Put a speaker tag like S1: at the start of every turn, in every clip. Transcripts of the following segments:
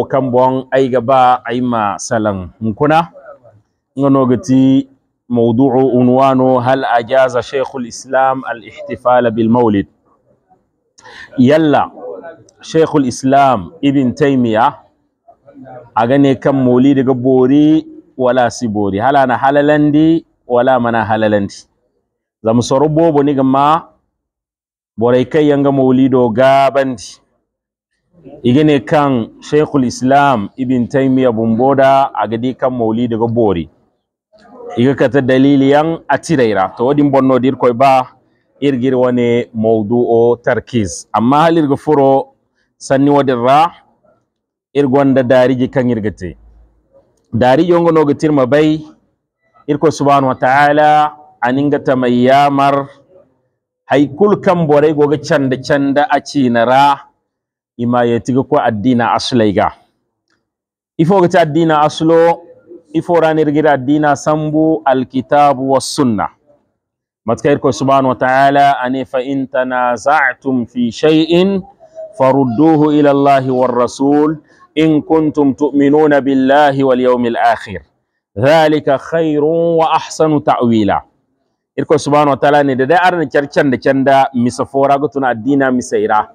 S1: kan buwan ai gaba ai ma salan nga ngano gati mawdu'u unwano hal ajaza shaykhul islam al ihtifala bil maulid yalla shaykhul islam ibn taymiya a gane kan moli daga bori wala si bori hala na halalandi wala mana halalandi zamu soro ni gama borai kai yanga maulido gabandi ne kan shekul islam ibn taymiya bumboda gadi kan maulidi daga bori iga kata daliliyan atiraira to wadin bonno dir koy ba irgir wani o tarkiz amma halir ga furo sanni wadin ra irgonda dariji kan irgate dari yongo no gatirma bai irko subhanahu wa ta'ala aninga tamayyamar haikul kan borai goga canda canda a na ra ima yetigi ko addina asula iga ifogiti addina asulo iforanirgira addina sambu alkitabu wassunna matkair ko subhanahu wa ta'ala ani fa in tanaza'tum fi shay'in farudduhu ila allahi war rasul in kuntum tu'minuna billahi wal yawmil akhir dhalika khairun wa ahsanu ta'wila irko subhanahu wa ta'ala ne da dai arna kyarkyan da kyanda misa fora gutuna addina misaira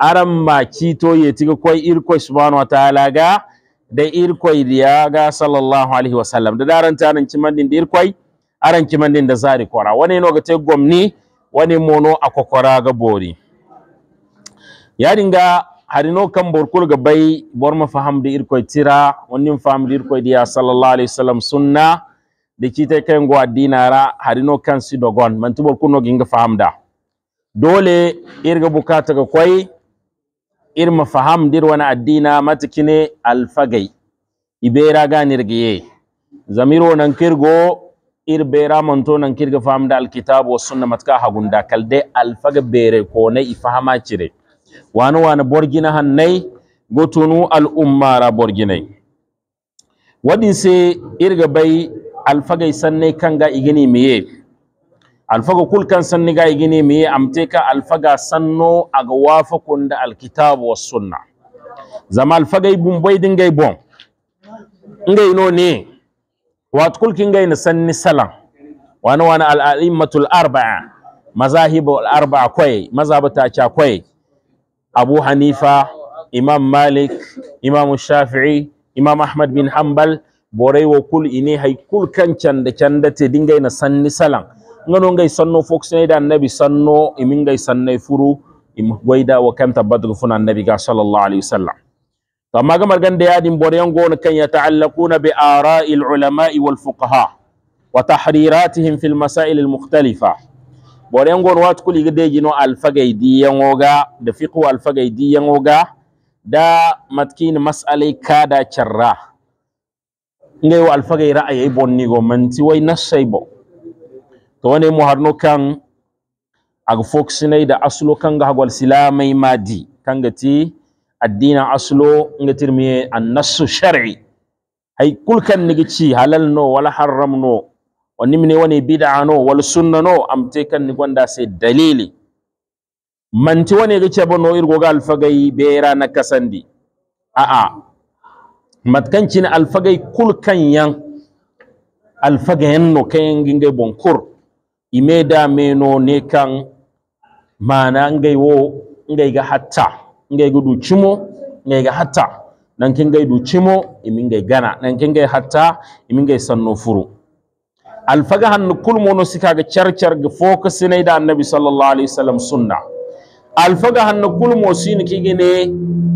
S1: aran ma kitoye tiga koy irkoy subhanahu wa ta'ala ga da irkoy diya ga sallallahu alaihi wa sallam da daran tanan kimandin da irkoy aran kimandin da zari kwara. wani no ga te gomni wani mono akokora ga bori ya dinga harino kan borkul ga bai bor ma faham da irkoy tira wani faham da irkoy diya sallallahu alaihi wa sallam sunna da kitai ngwa go addinara harino kan si dogon man kuno ginga faham da dole irga bukata ga kwai. irma faham dir wana addina matikine alfagay ibera ganirgiye zamiro nan kirgo ir bera manto nan kirga faham da alkitab wa sunna matka hagunda kalde alfaga bere ko i ifahama cire wani wani borgina hannai gotunu al'ummara borginai wadin sai irga bai alfagai sanne kanga igini miye alfaga kulkan sanni ga gine me amte ka alfaga sanno ga wafa kunda alkitabu wa sunna zama alfaga ibun bai dingai bon ngai no ne wat kulkin ngai na sanni salan wani wani al'immatul arba'a mazahibu al-arba'a kwai mazhabata cha kwai Abu Hanifa Imam Malik Imam Shafi'i Imam Ahmad bin Hanbal borai wa kul ine hay kul canda canda te dingai na sanni salan ngano ngay sanno fokusnayda annabi sanno imin ngay sannay furu im gwayda wa kam tabadru funan nabi ga sallallahu alaihi wasallam to amma ga margan de yadin boryan gona kan ya ta'allaquna bi ara'il ulama'i wal fuqaha wa tahriratihim fil masail al mukhtalifa boryan gona wat kuli gede jino al alfagaidi yangoga da fiqhu al alfagaidi yangoga da matkin mas'alai kada charra ngai wa alfagai ra'ayi bonni go manti wai nasai bo to wani mu harno kan aga na da aslo ga hagwal silamai madi ga ti addina aslo an annasu shar'i hay kulkan nigi ci halal no wala haram no wani mine wani bid'a no wala sunna no amte kan ni gwanda sai dalili manti wani ga ce no irgo ga alfagai bera na kasandi a'a cin alfagai kulkan yan alfagayen no kayan gingai bonkur ime da meno ne kan mana ngai wo ngai ga hatta ngai ga ducimo ngai ga hatta nan kin gai ducimo imin gai gana nan kin gai hatta imin gai sanno furu alfaga hannu kulmono sika ga charchar ga focus ne da annabi sallallahu alaihi wasallam sunna alfaga hannu kulmo sin kige ne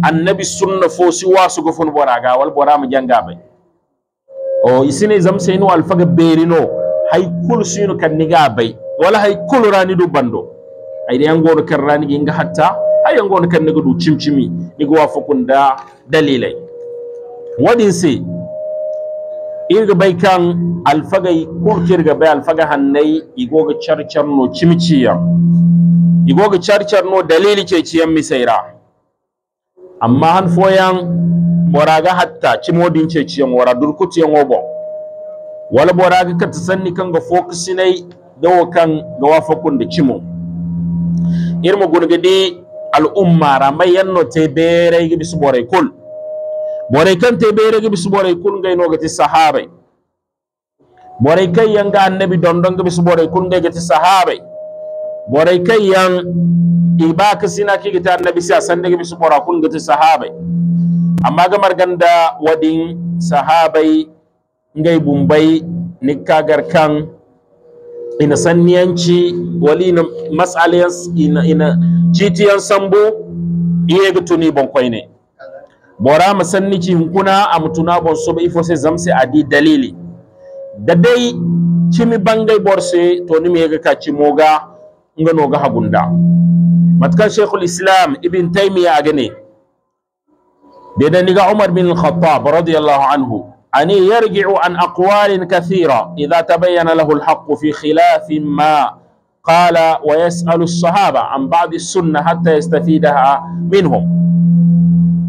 S1: annabi sunna fo si wasu gofon bora ga wal bora mu janga bai o isine zam sai no alfaga berino haykulu sinu kan niga bay wala haykulu rani du bando yango no kan rani ginga hatta hay no kan niga du cimcimi niga wa da dalilai wadi se irga bay kan alfagay ga bay alfaga hannai no igoga charcharno cimiciya igoga no dalili ce ciyan misaira amma han foyan moraga hatta cimodin ce ciyan wara durkutiyan obon wala boraga katasanni ka fokusinai dawo kan ga wafakun da cimo irma gurgadi al'umma ramai yanno te bere gibi su bore kul bore kan te bere gibi su bore kul ngai no ti sahabai bore kai ga annabi dondon gibi su bore kul ngai ti sahabai bore kai yan iba sina ki ga annabi sa san da gibi su borai kul ti sahabai amma gamar ganda wadin sahabai ngai bumbai nikagar kan ina sanniyanci wali ina mas'aliyan ina ina jitiyan sambo iye ga tuni bon koyne bora ci hunkuna amtuna bon so ba ifose zamse adi dalili da dai cimi bangai borse to ni me ga kaci moga no ga hagunda matkan shaykhul islam ibn taymiya agane da da ni ga umar bin al-khattab radiyallahu anhu أن يرجع عن أقوال كثيرة إذا تبين له الحق في خلاف ما قال ويسأل الصحابة عن بعض السنة حتى يستفيدها منهم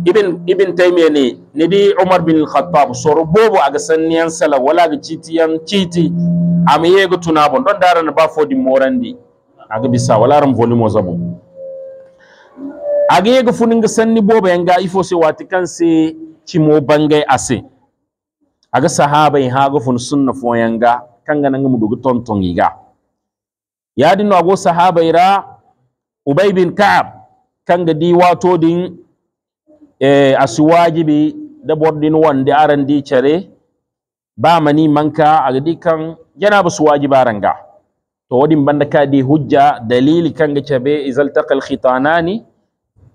S1: ibn ibn taymiya ne ni di umar bin al-khattab soro bobo aga sanniyan sala wala ga citiyan citi am yego tunabo don dara na ba fodi morandi aga bisa wala ran volume zabo aga yego funinga sanni bobo ase aga sahaba in hago fun sunna foyanga kanga nanga mudugu tonton iga yadi no ago sahaba ira ubay bin ka'ab kanga di wato din eh asuwajibi da bordin wande aran di chare ba mani manka aga di kan janaba suwajibaranga to wadin banda ka di hujja dalili kanga chabe izal taqal khitanani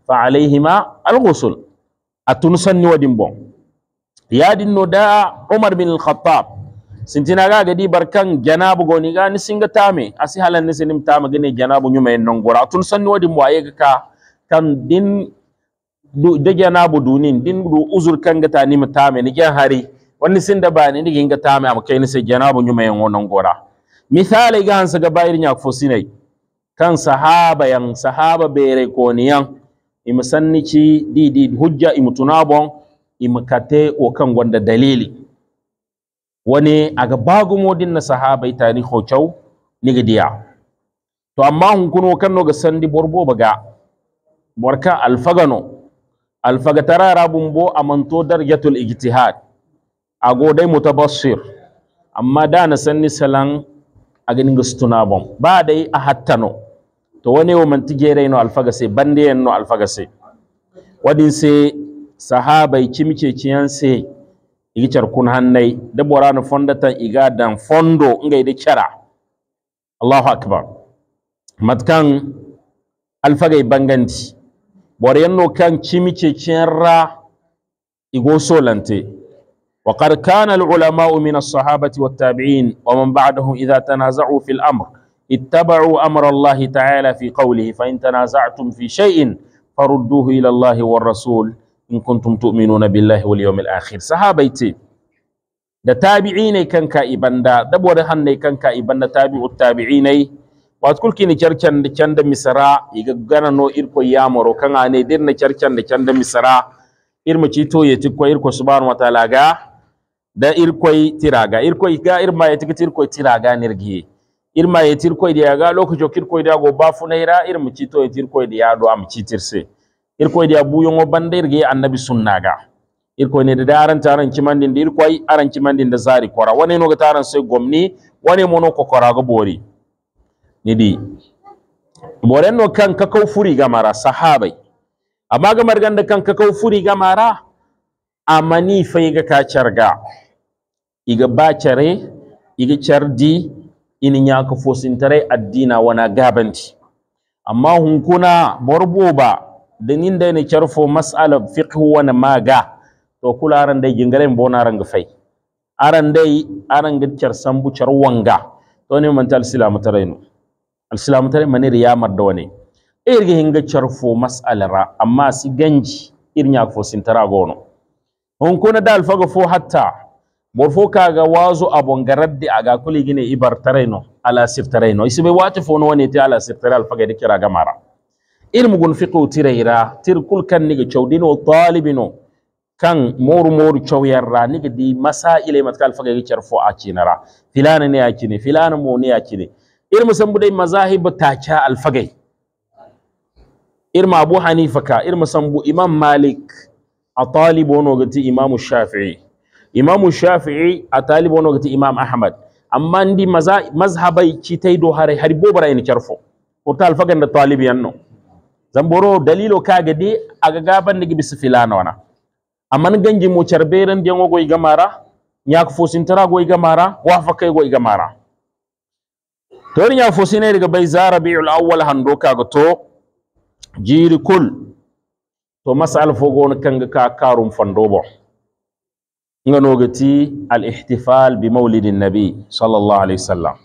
S1: fa alaihima al-ghusl atun wadin bon yadin no da Umar bin Al-Khattab sintina ga gadi barkan janabu goni ga ni singa tame asi halan ni sinim tame gane janabu nyuma en nongora tun sanni wadi ayega ka kan din du de janabu dunin din du uzur kan gata ni tame ni gen hari wani sinda ba ni gen ga tame am kai ni se janabu nyuma en nongora misali ga hansa ga bayir nya fosinai kan sahaba yang sahaba bere koniyan imsanni ci di di hujja imutunabon imkate o kan gwanda dalili wani aga bagumodin na sahabai tani hochau niga diya to amma kuno kan no ga sandi borbo baga barka alfagano alfaga rabun bo amanto darjatul ijtihad ago dai mutabassir amma da na sanni salan a ninga stuna bom ba dai a hattano to wani o mantigere no alfagase sai bande no wadin sai sahabai kimke kiyanse igi charkun hannai da bora no fonda iga dan fondo alfagai banganti bora yanno kan kimke kiyanra igo solante wa qad kana al ulama min as sahabati wat tabi'in wa man ba'dahum idha tanaza'u fil amr ittaba'u amra ta ta'ala fi qawlihi fa in tanaza'tum fi shay'in farudduhu ila Allah war rasul in kuntum tu'minuna billahi wal yawmil akhir sahabai ce da tabi'i ne kanka ibanda dabo da hanne kanka ibanda tabi'u tabi'i ne wat kulki ni charchan da chanda misra iga gana no irko ya yamoro kanga ne dirna charchan da chanda misra irma ci to ya tikko irko subhanahu wa ta'ala ga da irko tiraga irko ga irma ya tikko irko tiraga nirgiye irma ya tirko da ga lokacin kirko da go bafu naira irma to ya tirko da ya do am ci tirse Irkoi dia buyongo banda irge annabi sunnaga Irkoi ne da daran taran kimandin da irkoy aran kimandin da zari kora wane no ga taran sai gwamni wane mono ko kora ga bori nidi boren no kan ka kau furi ga mara sahabai amma ga margan da kan ka kau furi ga mara amani fai ga ka charga iga ba chare iga chardi ini nya ka fosin tare addina wana gabanti amma hunkuna borbo ba dinin da ne charfo mas'ala fiqh wana maga to kula aran dai gingare mbo aran ga fai aran dai aran ga char sambu char wanga to ne man tal silamu tarainu al silamu tarai mani riya marda wane irgi hinga charfo mas'ala ra amma si ganji irnya fo tara gono hon kuna da faga fo hatta bor fo kaga wazo abon garaddi aga kuli gine ibar tarainu ala sif tarainu isibe wati fo no wane ti ala sif tarainu faga dikira gamara ilmu gun fiqu tirayra tir kul kan niga dino talibino kan moru moru yarra niga di masaile matkal faga gichar fo acinara filana ne acine filana mo ne acine ilmu sambude mazahib tacha alfagai irma abu hanifa ka irma sambu imam malik a talibu gati Imam imamu shafi'i imamu shafi'i a talibu gati imam ahmad amma ndi mazhabai ci taido har haribo bara ina carfo kurta alfagan da talibiyan zamboro dalilo kaga de aga gaban nigi bisu filana wana amman ganji mu charberen de ngo goy gamara nyak fosintara goy gamara fa kay goy gamara to nya fosine daga bai zara awwal hando kaga to jiri kul to mas'al fogon kanga ka karum fandobo nogati al-ihtifal bi mawlidin nabi sallallahu alaihi wasallam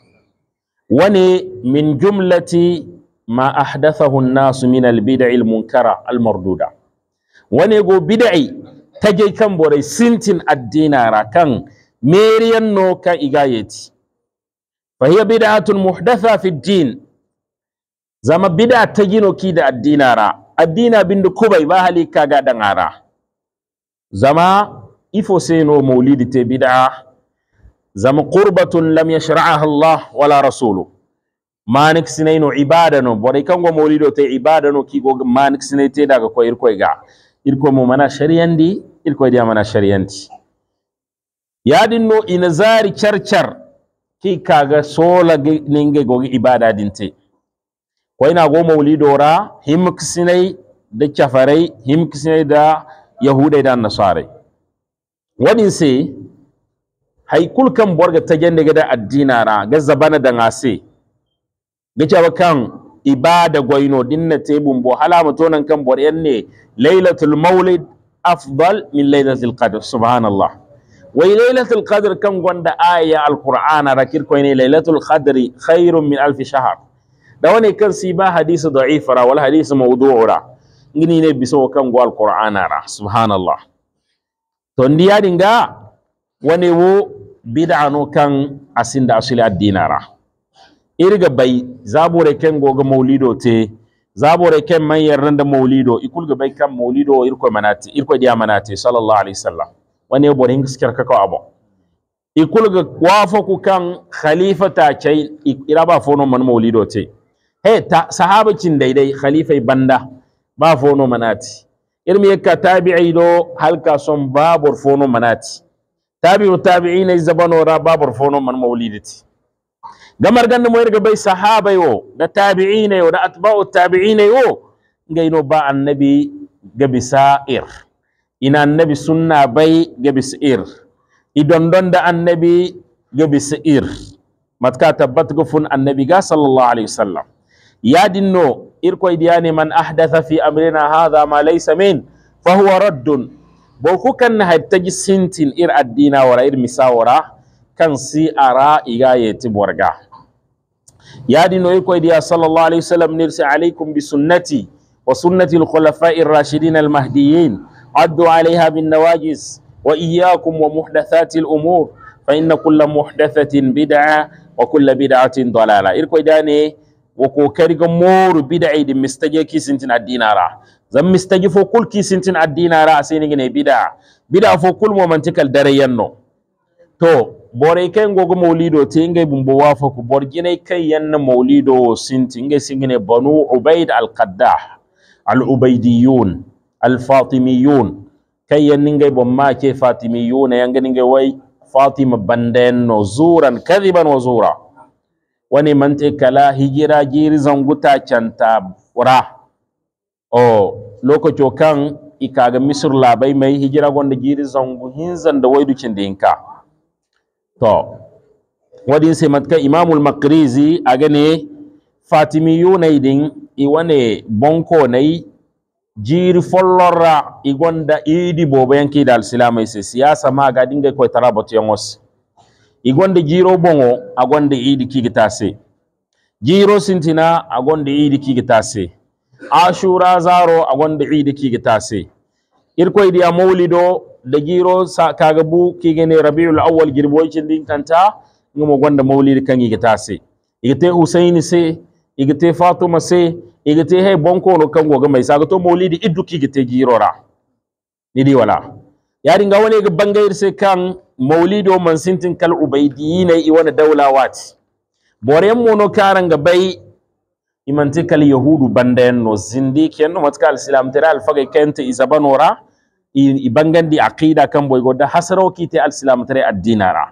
S1: wani min jumlati ma ahdathahu an-nas min al-bid'i al-munkara al-marduda wane go bid'i kan borai sintin addina ra kan meriyan no ka igayeti fa hiya bid'atun muhdatha fi din zama bid'a gino ki da addina ra addina bindu kubai ba hali kaga dangara zama ifo n'o maulidi te bid'a zama qurbatun lam yashra'aha Allah wala rasuluhu manik no ibadano boɗay kango mawliɗo te ibadano kigo manik sinay te daga ko irko ga irko mo mana shariyandi irko dia mana shariyandi yaɗinno ina zari charchar ki kaga sola ninge go ibada dinte ina go ra, himk sinay da kafarai himk sinay da yahudai da nasarai waɗin se hay kulkan borga tajande da addinara ga zabana da ngase gicawa kan ibada gwaino dinna tebum bo halama tonan kan bor yanne lailatul maulid afdal min lailatul qadr subhanallah wai lailatul qadr kan gwanda aya alqur'ana rakir ne lailatul qadri khairun min alf shahr da wani kan si ba hadisi da'if ra wal hadisi mawdu'u ra ngini ne biso kan go alqur'ana ra subhanallah to ndiya dinga wani wo bid'a no kan asinda asili addinara irga bai zabore ken goga maulido te zabore ken manyan randa maulido ga bai kan maulido irko manati irko dia manati sallallahu alaihi wasallam wani bore ngiskar kaka abo ikulga wafo ku kan khalifa ta chai ba fono man maulido te he ta sahaba cin daidai khalifa banda ba fono manati irmi yakka tabi'i do halka son babur fono manati tabi'u tabi'ina zabano ra babur fono man maulidati gamarganna moyirga bay sahabayo da tabi'inayo da atba'u tabi'inayo ngayno ba annabi ga bisa'ir ina annabi sunna bai gabi idon don da annabi ga bisa'ir matka tabbat gufun annabi ga sallallahu alaihi wasallam yadinno irkoy diyani man ahdatha fi amrina hadha ma laysa min fa huwa raddun bo kukan hattaji sintin ir addina wara ir misawara kan si ara iga yeti borga yaadi no yikoyɗiya sallallahu alayhi wa sallam si aleykum bi sunnati wa sunnati Rashidina al almahdiyin addu alayha binnawajis wa iyakum wa muhdathati umur fa inna kulla muhdathatin bida wa kulla bidatin dalala irkoyɗane wo ko kariga mooru bida'i ɗi mistaje kisintin addinara zan mistaji fo kul kisintin addinara asenigine bida bida fo kul momantikal dareyanno to bore kai ngogo maulido te ngai bumbo wafaku bor jinay kaŋ yaŋ ngai singine banu ubaid al qaddah banu ubaidiyun al fatimiyun kai kaŋ ngai ningay bon make fatimiyuna yaŋga ngai wai, fatima no zuran kadiban wa zura wani mante kala hijira jiri zanguta canta wara o lokaco kaŋ ikaga misir labai mai hijira gonda jiri zangu hinzan da waidu cindi inka to wadin sai matka imamul makrizi a gane fatimiyu na idin iwane bonko na yi jiri follora igonda idi bobo yanki da alsilamai sai siyasa ma ga dinga kwai tarabatu yan wasu igonda jiro bongo agonda idi kigita se jiro sintina agonda idi kigita se ashura zaro agonda idi kigita se irkoy ya maulido da giro kaga bu gane rabiul awwal girboicin din kanta ngumo gonda maulidi kan ta se igate Usaini se igate fatuma se igate he bonko no kan goga mai saga to ki gite giro ra ni di wala yari ga wani ga bangayir se kan maulido man sintin kal ubaydiyina i wana dawla wati boren mono karanga bai imantikal kal yahudu bandayen no zindike no matkal islam tira al kente izabanora Ibangandi bangandi aqida kan boy goda hasaro kite al islam tare addinara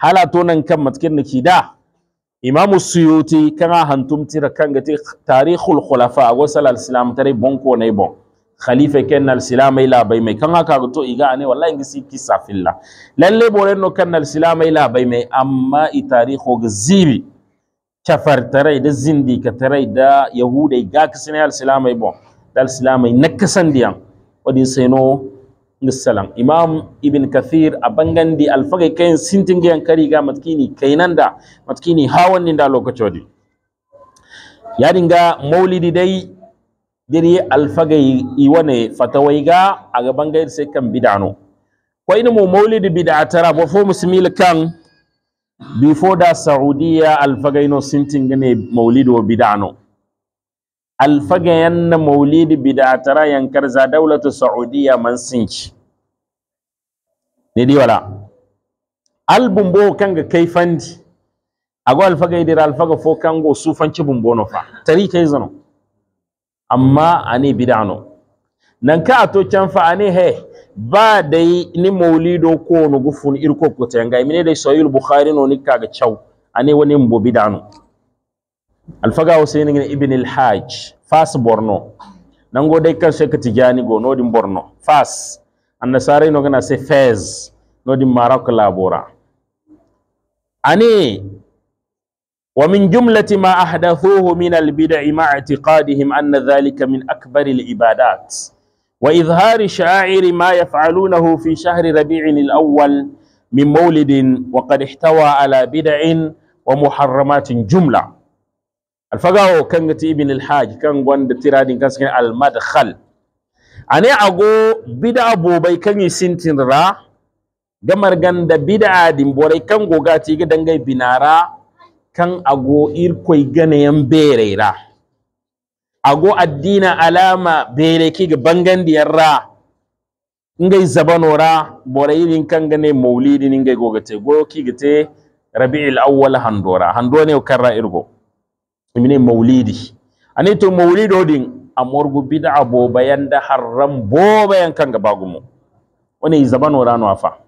S1: hala to kan matkin niki da imamu suyuti kana hantum tira kan gati tarikhul khulafa wa sal al islam tare bonko ne bon khalifa kan al islam ila bai mai kan haka to iga ne wallahi si kisa filla lalle bore no kan al islam ila bai mai amma i tarikho chafar tare da zindika tarai da yahudai ga kasne al islam bon dal islam nakasan diyan wadin seno nisalan imam ibn kathir di alfaga sintin sintinge kari ga matkini da matkini hawan ninda lokaci wadi yadinga maulidi dai diri alfaga iwane a gaban bangayir sai kan bid'ano kwai ni mu maulidi bid'atara bo fo musmil kan bifo da saudiya alfaga ino sintinge ne maulidi wa bid'ano yanna maulidi bidatara yankar za daulatu saudiya man sinci ne di wala album bo ga kai fandi ago alfaga idira alfaga fo kango sufanci no fa tari kai zano amma ani bidano nan ka to can fa ani he ba dai ni maulido ko no gufun irko ko tanga mine dai sahih bukhari no nikka ga chau ani wani mbo bidano alfaga hussein ne ibn al fas borno nan go dai kan sai ka tijani go no din borno fas annasare no gana sai fez no din labora ani wa min jumlati ma ahdathuhu min al-bid'i ma i'tiqadihim anna dhalika min akbari al-ibadat wa izhari sha'iri ma yaf'alunahu fi shahri rabi'in al-awwal min mawlidin wa qad ihtawa ala bid'in wa muharramatin jumla alfagawo kan gati ibn al-hajj kan gwanda tiradin kan sakin al-madkhal ane ago bid'a bobai kan yi sintin ra gamar ganda bid'a adin borai kan goga ti ga dangai binara kan ago irkoi ganayen berera ago addina alama berai ki ga diyar ra ngai zabanora borai irin kan gane maulidi ngai goga te go ki gate rabi'il awwal handora handone kan irgo imine maulidi ani to maulido din amorgu bid'a bo bayan da haram bo bayan kan gaba gumo wani zabano warano afa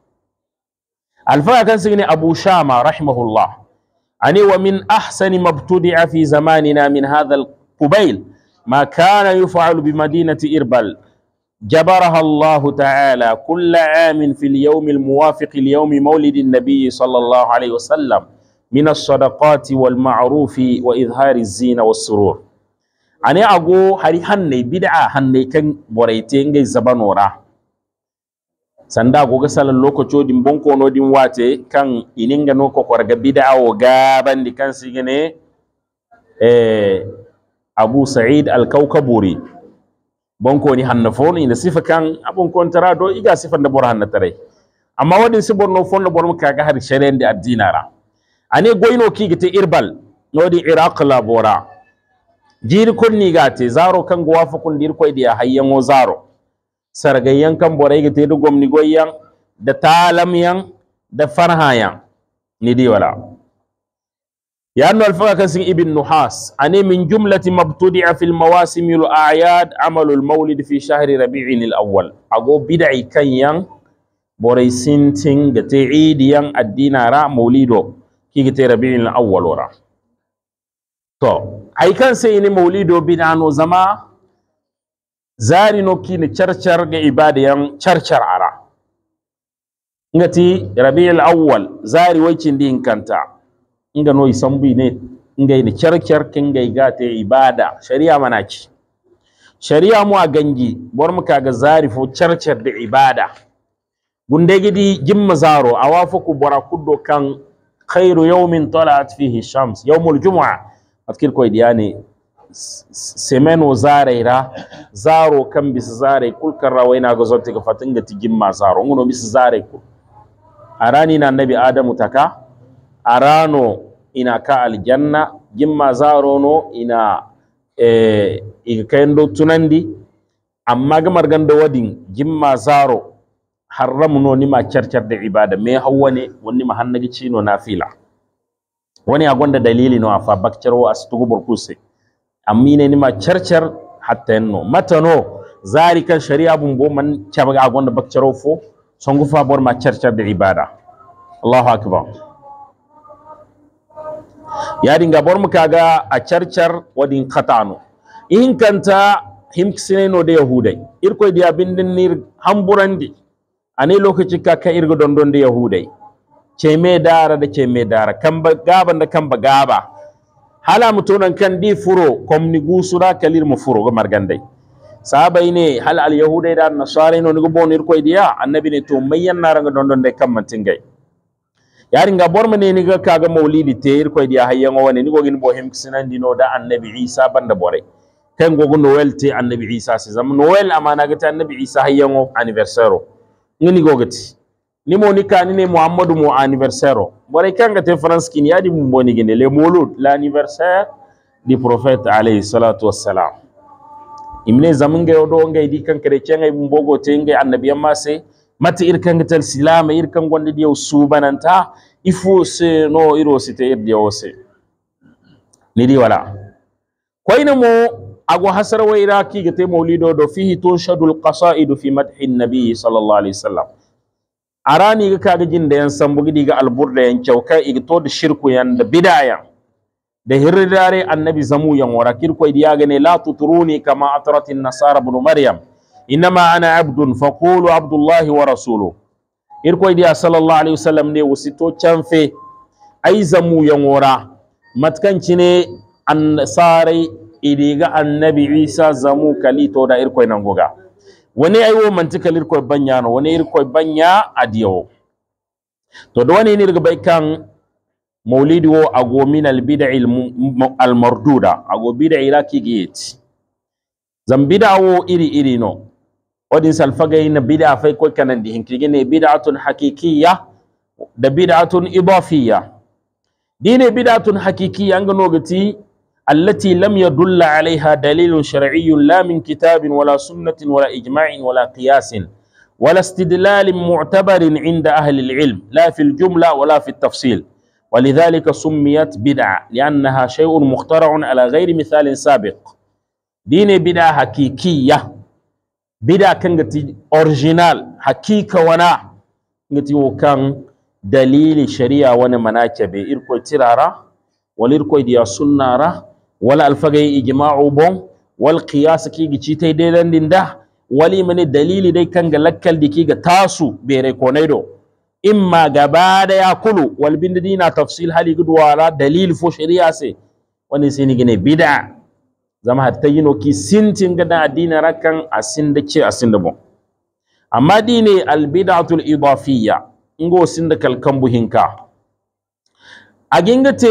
S1: alfa kan sigini abu shama rahimahullah ani wa min ahsani mabtudi'a fi zamanina min hadha al-qubayl ما كان يفعل بمدينة إربل جبرها الله تعالى كل عام في اليوم الموافق ليوم مولد النبي صلى الله عليه وسلم min as-sadaqati wal ma'rufi wa izhari zina was surur ane ago hari hanne bid'a hanne kan boraite ngai zabanora sanda goga salan lokaco din bonko no din wate kan ininga no ko korga bid'a o gabandi kan sigene eh abu sa'id al-kaukaburi bonko ni hanna fon ina sifa kan abon kontara do iga sifa da bor hanna tare amma wadin sibor no fon no bor mu kaga har sharen da ane goyno gite irbal nodi iraq labora jir kunni gate zaro koy dia hayyan o zaro sarga kan boray gite du gomni goyyan da talam yan da farha yan ni di wala ya annu alfaka kasin ibn nuhas ane min jumlati mabtudi'a fil mawasim al a'yad amal al mawlid fi shahri rabi'in al awwal ago bid'i kan yan boray sintin gite idi addina ra maulido tera rabiul awwal wora to ai kan sai seyni mawlido binano zama zari no ni charchar ga ibada yan charchar ara ngati rabiul awwal zari wacin din kanta inga no isambi ne inga ni charchar kinga igate ibada sharia manaki sharia mu a gangi bor mu kaga zari fo charchar da ibada gunde gidi jimma zaro awafa ku bora kuddo kan khairu yawmin talat fihi shams yawmul jumu'a afkir koy diyani semen o zaraira, zaro kan bis zare kul karra wayna ga zotte ga fatinga zaro ngono bis zare kul arani na nabi adamu taka arano ina ka aljanna jimma zaro no ina e tunandi amma gamar marganda wadin jimma zaro ma charchar da ibada me ne wani wonnima hannagi na nafila wani a gonda dalili no a fa bakcer o kusai tugubor kuse ammine nima hatta henno matano zari kan sharia bun bo man cabaga a gonda bakcer fo songu fa bor ma da ibada allahu akbar ya dinga bor mu ga a carcar wadin katano in kanta no de yahudai irkoy diya bindin nir hamburandi ani lokaci ka kan irga dondon da yahudai me dara da ce me dara kamba gaba da kamba gaba hala mutunan kan di furo komni gusura kalir mu furo ga margandai sabai ne hal al yahudai da nasara ne ni gobon irko idiya annabi ne to yan naran ga dondon dai kan gai yarin ga borma ne ni ga kaga maulidi te irko idiya hayyan hayyan wani ni gogin bohim sinan dino da annabi isa banda bore kan gogo noel te annabi isa se zam noel amana ga ta annabi isa hayyan anniversary ngani gogati ni mo ni kani ne muhammadu mo anniversaire o bore kanga te france kini yadi mo ni gene le mouloud l'anniversaire du prophète alayhi salatu wassalam imne zamunge o do ngay di kan kare cenga mum bogo te ngay annabi amma se mata irkan silam silama irkan gonde diyo subananta ifo se no iro site di ose ni di wala koyna mo أقو حسر وإراكي قتي موليدو دو فيه تنشد القصائد في مدح النبي صلى الله عليه وسلم أراني كاقا جند ينسنبو قديق البرد ينشوكا إغتود الشرك يند بداية da hirrirare annabi zamu yan wara kirko idi ya gane la tuturuni kama atrat nasara ibn maryam inma ana abdun faqulu abdullah wa rasulu irko idi ya sallallahu alaihi wasallam ne wasito canfe ai zamu yan wara matkanci ne an sarai idiga annabi isa zamu kali to da irkoy nangoga wani aiwo mantikal irkoy banya no wani irkoi banya adiyo to da wani nirga bai kan maulidi wo ago min al bid'i al marduda ago bid'i ila ki git zam bid'a wo iri iri no odin salfaga na bid'a fai koi kanan di hinkige ne bid'atun hakikiyya da bid'atun idafiyya dine bid'atun hakikiyya ngano gati التي لم يدل عليها دليل شرعي لا من كتاب ولا سنة ولا إجماع ولا قياس ولا استدلال معتبر عند أهل العلم لا في الجملة ولا في التفصيل ولذلك سميت بدعة لأنها شيء مخترع على غير مثال سابق دين بدعة حقيقية بدعة كانت أورجينال حقيقة وانا كان دليل شريعة ونا مناكبة إركو ترارا وليركو ديا سنة wala alfagai ijma'u bon wal qiyas ki gici tai dai dan dinda wali mani dalili dai kan ga lakkal diki ga tasu bere konaido imma gaba da ya kulu wal bindina na tafsil hali gudwara dalil fo shari'a se wani sai gine bid'a zama hatta yino ki sintin gada addini rakan asin da ce asin da bon amma dine al bid'atul idafiyya ngo sin da kalkan buhinka a gingate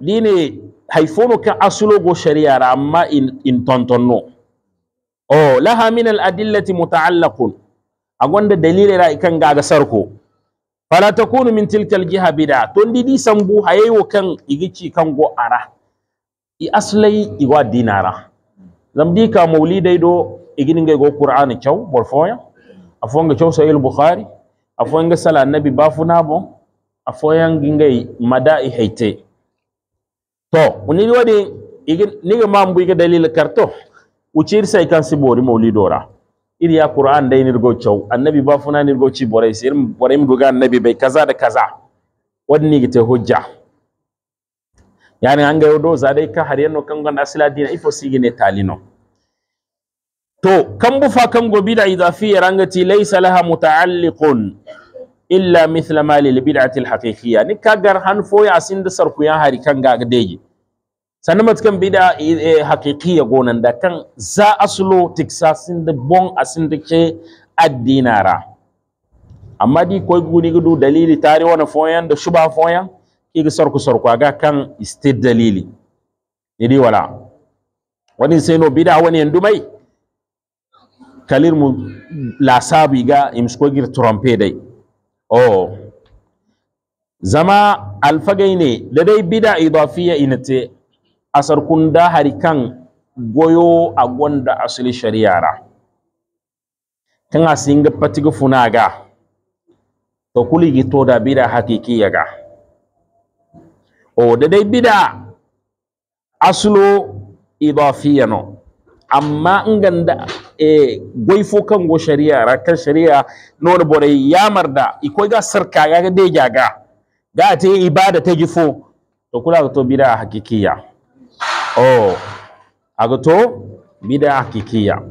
S1: dine haifonu fono ka asulogo ra amma in, tontonno Oh laha min al adillati mutaallaqun agonda dalilera e ga gaga sarko fala takunu min tilka jiha bida ton didi sambu hayewo kan igici go ara i aslay igo dinara zamdi ka mawlidai do ngai go qur'ani chaw borfoya afonga chaw sahih bukhari afonga sala annabi bafunabo afoyangingai mada'i haite to ni wadi ma mambu ga dalila karto uchir sai kan si bori maulidora iri ya qur'an dai go chau annabi ba funa go ci bore sir bore mu ga annabi bai kaza da kaza wadni gite hujja yani ga do za dai ka har yanno kan gon asila dina ifo ne talino to kan fa kan gobi da idafiyar rangati laysa laha muta'alliqun illa mithla ma lil bid'ati al haqiqiyya ni kagar han foya asin da sarku ya hari kan ga deji sannan matukan bida eh, eh, ya gonan da kan za sulo tiksa sun da bon sun da ke addinara amma di koy guni gudu dalili tare wani foyan da shuba foyan iga sarku sarku ga kan istid dalili idi wala wani sai no bida wani yandu mai kalir mu lasabi ga imsko trompe dai oh zama alfagai ne da dai bida idafiya inate asar kun da hari kan goyo a gwanda asali shari'ara kan asin ga patiga funaga to kuli gito da bida hakiki yaga o da dai bida aslo idafiya no amma ganda e goifo kan go shari'a ra kan shari'a no da bore ya marda ikoi ga sarka ga de ga ga te ibada ta gifo to kula to bida hakikiya o agato bida hakikiya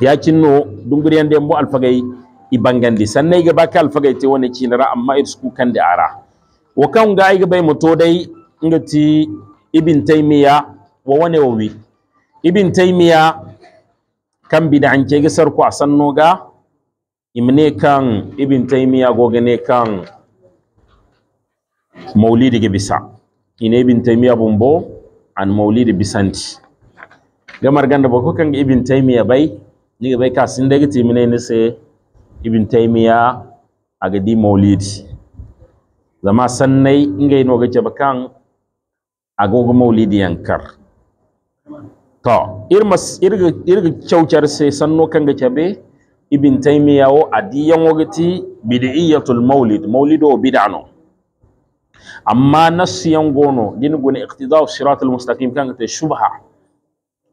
S1: yakinno dunguriyande mbo alfagai i di sannan ga baka alfagay te wani cinara amma irsku kan da ara wa kan ga ga bai muto dai ngati ibn taymiya wa wani wawi ibn taymiya kan bid'an ke ga sarku a sanno ga imne kan ibn taymiya goga ne kan maulidi ga bisa ine ibn taymiya bumbo an maulidi bisanti gamar ganda ba kukan ibn taymiya bai ni ga bai ka sin daga ti mine ni se ibn taymiya aga di maulidi zama sannai ingai no ga ba kan agogo maulidi yankar to irma irga irga chauchar se sanno kan ga chabe ibn taymiya wo adiyan wagati bid'iyatul maulid maulido bid'ano amma yan gono din gone iqtida sirat al mustaqim kan ta shubha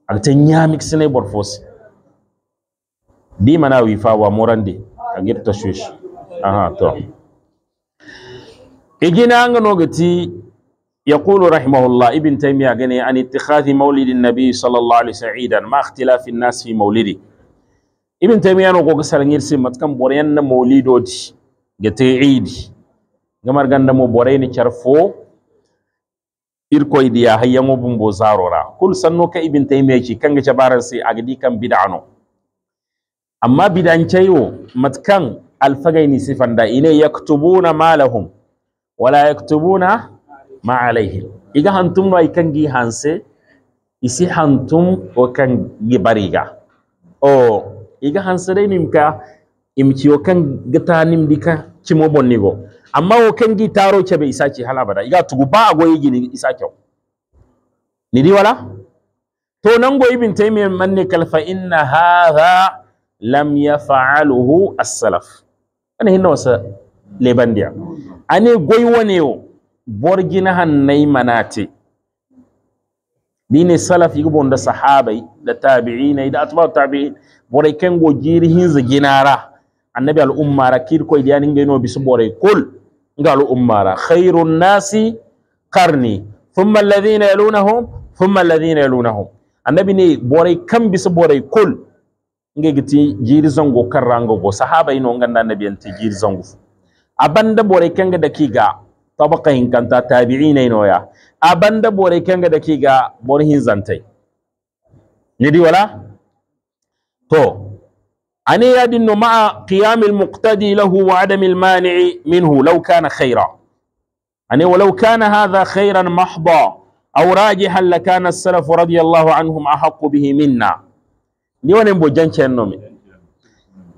S1: al tanya mix ne borfos di mana wi fa wa morande agir tashwish aha to igina ngano gati يقول رحمه الله ابن تيمية عن اتخاذ مولد النبي صلى الله عليه وسلم ما اختلاف الناس في مولده ابن تيمية نقول سرنجير سمت كم بوريان مولدود جتي gamar ganda mo borayni carfo irkoyɗiya hayyango bumbo zarora kul sanno ka ibin taymeci kanga jabaran sai agadi kan bidano amma bidan cayo matkan sifan da ine yaktubuna malahum wala yaktubuna ma alaihi iga hantum ay kangi hanse isi hantum o kan gibariga o iga hansedaynim nimka imciyo kan gatanim ɗi ka cimo bonnigo amma wo kengi taro bai isa ce hala bada iga tugu ba agoyi gini isa kyau ni di wala to nan go ibn taymiyyah manne kalfa inna hadha lam yaf'aluhu as-salaf ana hinna wasa lebandiya ane goyi wane yo. borgina hannai manate dine salaf yi da sahabai da tabi'inai da atba'u tabi'in borai kengo jiri hinza ginara annabi al'umma rakir koy dianin gaino bisu borai kul ga al'ummara khairun nasi karni thumma alladhina yalunahum thumma alladhina yalunahum annabi ne borai kan bisa borai kul nge giti jiri zango karrango go sahaba ino nganda annabi anti jiri zango abanda borai kan ga kanga dakiga tabaka hinkanta tabi'ina ino ya abanda borai kan daki ga borai zantai. ni di wala to عن اياد انه مع قيام المقتدي له وعدم المانع منه لو كان خيرا يعني ولو كان هذا خيرا محضا او راجحا لكان السلف رضي الله عنهم احق به منا ni wani bojan kenno mi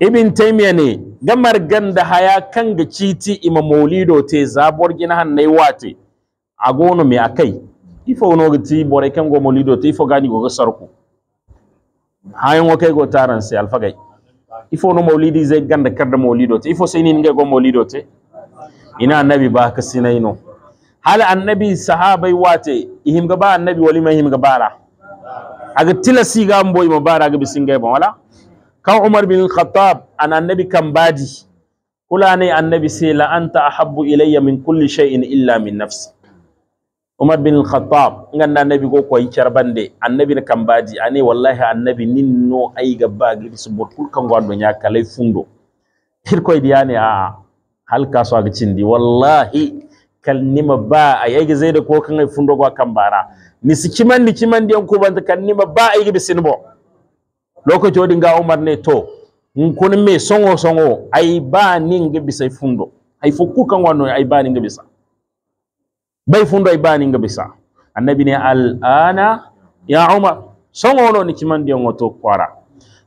S1: ibn taymiya ne gamar ganda haya kan ga citi ima maulido te zabuwar gina hannai wate a gono mai akai ifo wono ga ti bore kan go maulido te ifo gani go sarku hayan wakai go taran sai alfagai ifono maulidi zai ganda karda maulidote ifo sai ni nin go maulidote ina annabi ba ka sinaino hal annabi sahabai wate ihim ga ba annabi wali mai him ga bara aga tilasi ga mboy ma bara ga bisin ga ba wala ka umar bin khattab an annabi kan badi kula ne annabi sai la anta ahabbu ilayya min kulli shay'in illa min nafsi umar bin khattab ngan na nabi go koy charbande annabi ne kambaji ani wallahi annabi ninno ay gabba gidi subot kul kan gondo nya kalay fundo hir koy diyane a ka so ga cindi wallahi nima ba ay ay zai da ko kan ay fundo go kambara ni sikiman ni kiman diyan ko ban nima ba ay gidi sinbo lokaci odin ga umar ne to kun me songo songo ay ba ninga bisay fundo ay fo kul kan wonno ay ba ninga bisay bai fundo e baninga bisa annabi ne al ana ya umar songono ni kiman on to kwara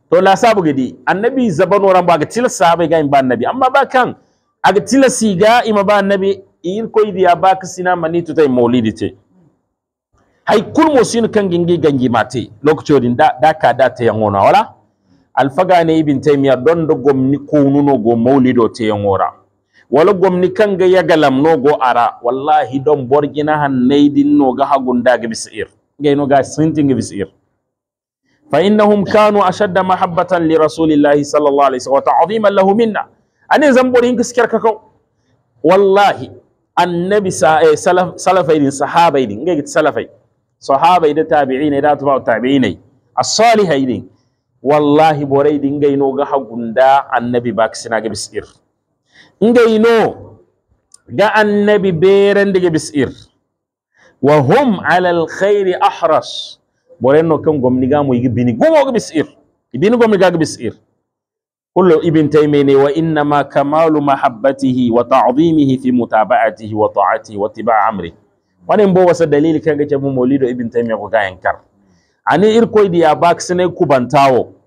S1: to la sabu gidi annabi zabano ran ba ga til sabai ga ba annabi amma ba kan aga til ga ima ba annabi ir da ya ba kasina mani to tay maulidi te hay kul mo sin kan gingi gangi mate lokacin da da ka da ta yangona wala alfaga ne ibn taymiya don do gomni nuno go maulido te yangora wala gomni kanga yagalam no go ara wallahi don borgina han neydin no ga hagunda ga bisir ngay no ga sinti ga bisir fa innahum kanu ashadda mahabbatan li rasulillahi sallallahu alaihi wasallam wa ta'ziman lahu minna anin zamborin gaskiyar kakau wallahi annabi eh, salafai din sahabai din ga salafai sahabai da tabi'ina da tabi'u tabi'inai as-salihai din wallahi borai din ga no ga hagunda annabi ba kisina ga bisir nga no ga annabi diga bis'ir wa hum ala alkhairi ahras borenno kan gomni ga mo yigi bini gumo ga bis'ir ibini gomni ga ga bis'ir kullu ibn taymiyah wa inna ma kamalu mahabbatihi wa ta'dhimihi fi mutaba'atihi wa ta'atihi wa tiba' amri wannan mbo wasa dalili kan ga mu maulido ibn taymiyah ko ga yankar ani irkoy diya baksine kubantawo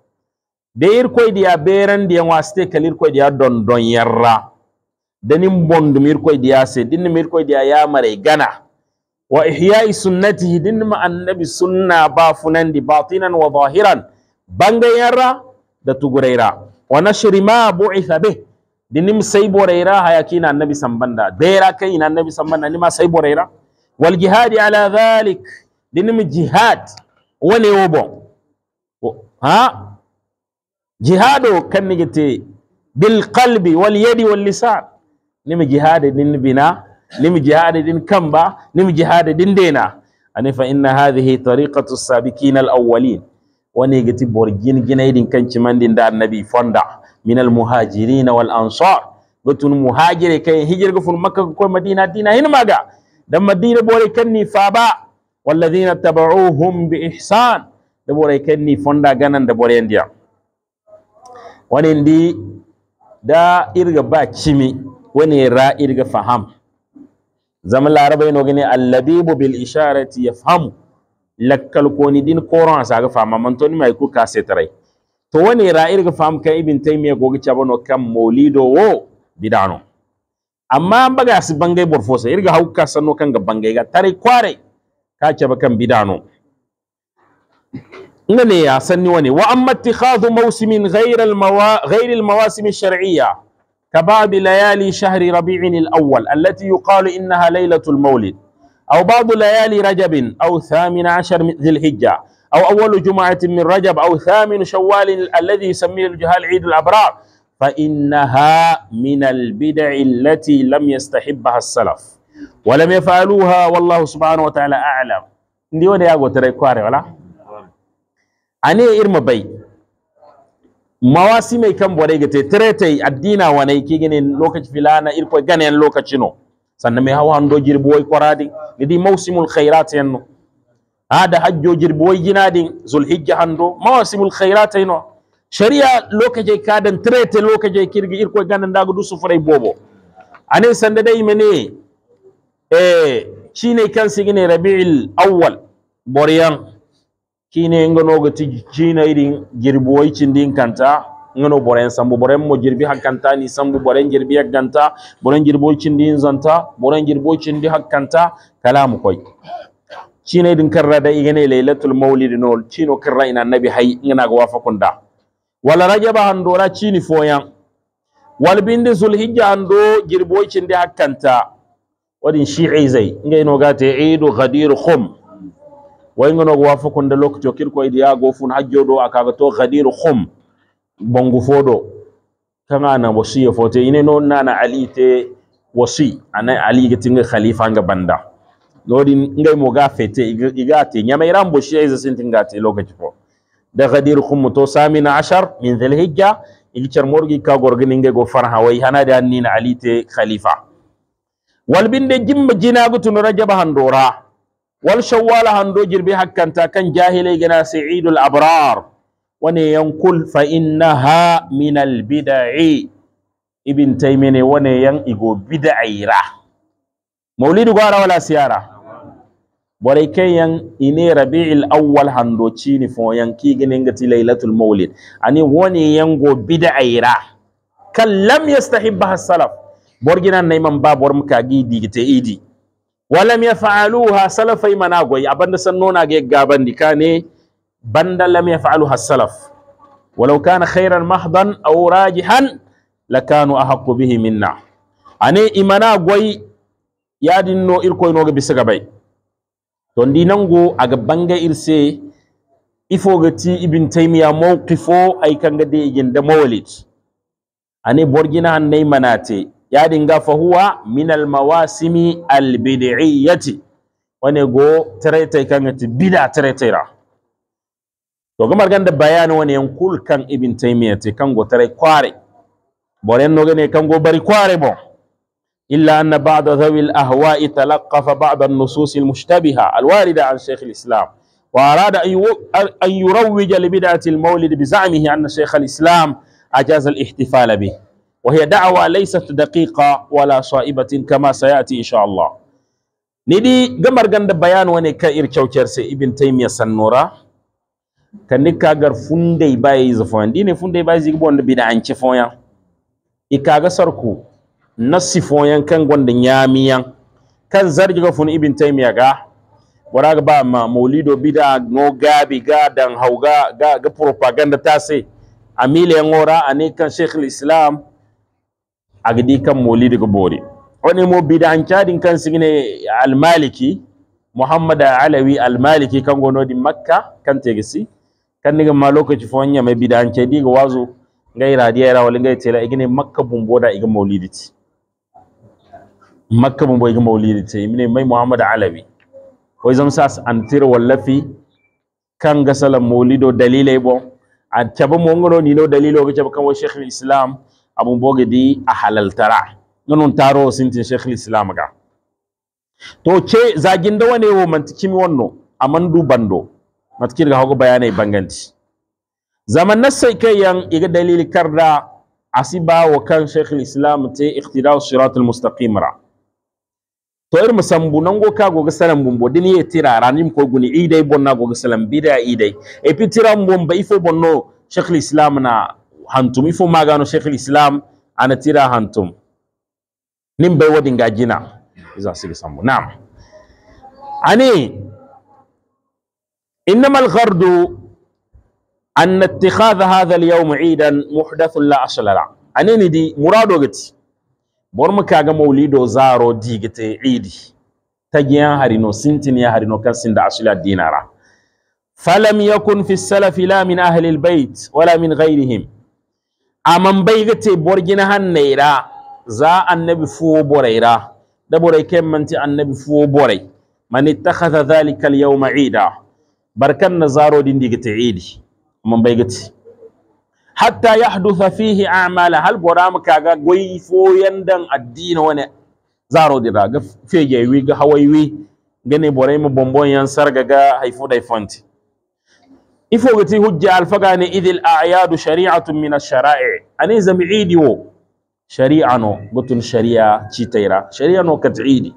S1: diya de irkoyɗiya beerandiya wasite kala irkoyɗiya dondon yarra danin bondum diya se diya ya mare gana wa ihyai sunnatihi ɗinnima annabi sunna bafunandi batinan wa zahiran bange yarra da tugurayra wa nashri ma buitha be ɗinim sayborayra hayakina annabi sambanda deera kayina annabi sambanda nima wal jihadi ala dhalik ɗinim jihad wone wo bon ha jihado kannigete bilqalbi walyadi wallisan nimi jihade ɗin bina nimi jihade ɗin kamba nimi jihade ɗin dena ani fa inna hadihi tariqatu sabikina awwalin wani gati borgin ginaydin kanci mandin da annabi fonda min muhajirina wal ansar gotun muhajire kai hijirga fun makka ko madina dina hin maga dan madina bore kanni faba walladhina tabauhum bi ihsan da bore kanni fonda ganan da bore ndiya wani ndi da irga ba cimi wani ra irga faham zama larabai no gani allabibu bil isharati fahamu lakkal koni din koron a saga fama mantoni mai ku ka setrai to wani ra irga faham kan ibn taymiya gogi chabano kan molido wo bidano amma an baga su bangai borfosa irga hauka sanno kan ga bangai ga tare kware ka ce kan bidano ngane يا سنوني واما اتخاذ موسم غير الموا... غير المواسم الشرعيه كباب ليالي شهر ربيع الأول التي يقال إنها ليلة المولد أو بعض ليالي رجب أو ثامن عشر ذي الحجة أو أول جمعة من رجب أو ثامن شوال الذي يسميه الجهال عيد الأبرار فإنها من البدع التي لم يستحبها السلف ولم يفعلوها والله سبحانه وتعالى أعلم ديوني wani yago tare ane irma bai mawasi mai kan bodai gate trete addina wanai ki gine lokaci filana irko gane lokaci no sannan mai hawa ando jirboy koradi gidi mausimul khairat yanno hada hajjo jirboy jinadi zulhijja hando mawsimul khairat yanno sharia lokaje kadan trete lokaje kirgi irko gane ndago du sufurai bobo ane sanda dai mene eh shine kan sigine rabiul awwal boriyan kine ngono gati jina irin girbo icin din kanta ngono boren sambu boren mo girbi hakanta ni sambu boren girbi hakkanta boren girbo icin din zanta boren girbo icin din hakanta kalamu koy cine din karra da igene lailatul maulid nol cino karra ina nabi hay ngana go wafa kunda wala rajaba handora cini foyan wal bindi hijja ando girbo icin din hakanta. wadin shi'i zai ngai no gate eidu ghadir khum waygono go wafa konde jokir ko idiya go fun hajjo do akaga to ghadir khum bongu fodo ɗo wasiya fote ine no nana ali te wasi Ana ali ga tinga khalifa nga banda noɗin ngay mo ga fete iga te ñamayran bosiya isa sintinga te lokaci fo da ghadir khum to samina ashar min dhelhijja igi carmorgi ka gorgani ninge go farha way hanade annina ali te khalifa walbinde jimma jinago tuno rajaba handora wal shawwal hando girbi hakkanta kan jahilai gana sa'idul abrar wane yankul fa inna ha minal bida'i ibn taimene wane yan igo bid'aira maulidu gwara wala siyara boray kenyan ine rabi'il awwal hando chini fo yan Gati laylatul maulid ani yan go bid'aira kan yastahibbaha salaf borginan nayman ba bor mkagi digite idi walam ya fa'aluha salafai managwai abin da san nuna ga gaban dika ne banda lam ya ha salaf walau kana khairan mahdan aw rajihan lakanu ahqqu bihi minna ane imana gwai ya dinno irko no ga bisaga bai to dinango aga banga irse ifo ga ti ibn taymiya mawqifo ay kanga de igin da mawlid ane borgina han nay manate ya ga fahuwa minal mawasimi albidiyyati wani go taraitai kan yati bida taraitaira to ga margan da bayani wani yan kul kan ibn taymiya te kan kware boren no gane kan kware bo illa anna ba'd dhawi al-ahwa'i talaqqafa ba'd an mushtabiha alwarida an shaykh al-islam wa arada an yurawwija li bid'ati al-mawlid bi za'mihi anna shaykh al-islam ajaza al-ihtifal bihi وهي دعوة ليست دقيقة ولا صائبة كما سيأتي إن شاء الله ندي قمر قند بيان واني كاير كو كرسي ابن تيمية سنورة كني كاغر فندي باي زفوان ديني فندي باي زيقبون بدا عن شفوان إكاغا سركو نصي فوان كان قند نياميان كان زرجغ فن ابن تيمية غا وراغ با ما موليدو بدا نو غابي غا دان هاو غا غا غا ta تاسي amile ngora أني كان شيخ الإسلام agdi kan moli ga bori wani mo bidan cadin kan signe almaliki muhammad alawi almaliki kan gono di makka kan tegisi kan niga ma lokaci fo wanya mai bidan cadi ga wazo ngai radiya ra wali ngai tela igine makka bun boda iga maulidi ti makka boda iga maulidi ti mine mai muhammad alawi ko zam sas antir wallafi kan gasala maulido dalilai bo a caba mo ni no dalilo ga caba kan wa shekhul islam abun boge di a halaltara nunun taro sintin shekhul islam ga to ce zagin da wane wo mantikimi wanno amandu bando matkir ga hago bayanai banganti zaman nasai kai yan iga dalili karda asiba wa kan shekhul islam te iqtida'u siratul mustaqim ra to ir musambu nan go ka go salam bumbo din e tira ranim ko guni idai bonna go salam bida idai e pitiram bomba ifo bonno shekhul islam na hantum hantumifu magano sheikh islam anatira hantum nimbe wodi ngajina izan sigi sambu naam ani انما الغرد ان اتخاذ هذا اليوم عيدا محدث لا اصل له اني ندي مرادو غتي بورم كاغا موليدو زارو ديغتي عيدي تجيان هارينو سنتين يا هارينو كان سند اصل دينارا فلم يكن في السلف لا من اهل البيت ولا من غيرهم aman baygate borgina hannaira, za annabi fuwo boraira, da borai ken manti annabi fuwo borey man ittakhadha dhalika alyawma ida barkan na zaro din digate idi aman te hatta yahdutha fihi amala hal borama kaga goy fo yandan addina wane zaro dira ga fege wi ga hawai gane borai mo bombon yan sarga ga haifu dai fonti ifogati hujja alfagane idil a'yadu shari'atun min ash-shara'i ani wo shari'a no gotun shari'a citaira shari'a no kat'idi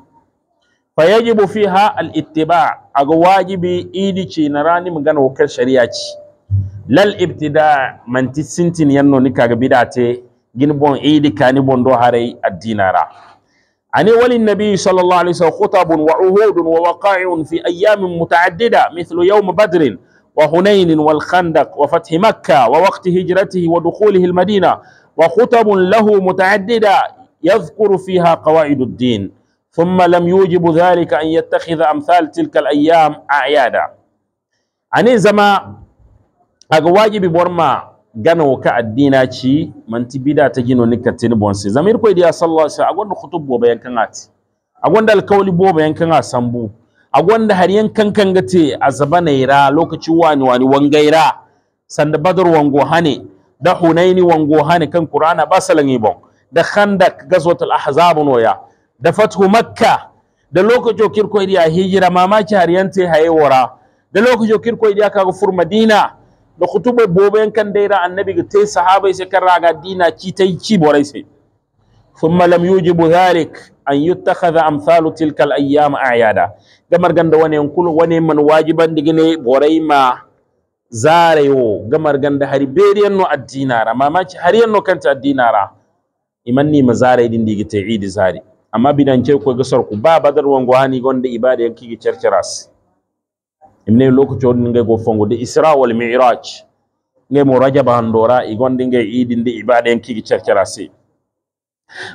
S1: fayajibu fiha al-ittiba' aga wajibi idi ci narani magana wakar shari'a ci lal manti sintin yanno ni kaga bidate gin bon idi kani do harai addinara ani wali nabi sallallahu alaihi wasallam khutabun wa uhudun wa waqa'un fi ayyamin muta'addida mithlu yawm badrin Wa والخندق وفتح مكة ووقت هجرته ودخوله المدينة وخطب له متعددة يذكر فيها قواعد الدين ثم لم يوجب ذلك أن يتخذ أمثال تلك الأيام أعيادا أني زما أقواجب بورما gano ka addina ci manti bida ta gino nika tini bonse zamir ko idiya sallallahu alaihi wasallam agon khutub bo bayan agon dal kawli bo bayan agonda har yan kankanga te azabanaira lokaci wani wani wangaira sanda badar wango hane da hunaini wango hane kan qur'ana basalan ibon da khandak gazwatul ahzab noya da fathu makka da lokaci kirko idiya hijira mamaki har yante hayewara da lokaci kirko idiya kaga fur madina da khutuba boben kan daira annabi ga te sahabai sai kan raga dina ci tai ci borai sai ثم لم يوجب ذلك أن يتخذ أمثال تلك الأيام أعيادا gamar ganda wane kulu wane man wajiban ne borai ma zarewo gamar ganda hari beriyan no addinara mamaci hari yanno kanta addinara ni ma zare din yi idi zari amma bidan ce ko gasar ku ba badar wango hani gonda ibada yanki ki cerceras imne lokaci wani ngai go fongo de isra wal mi'raj ngai mo rajaba handora ngai idin de ibada yanki ki cercerasi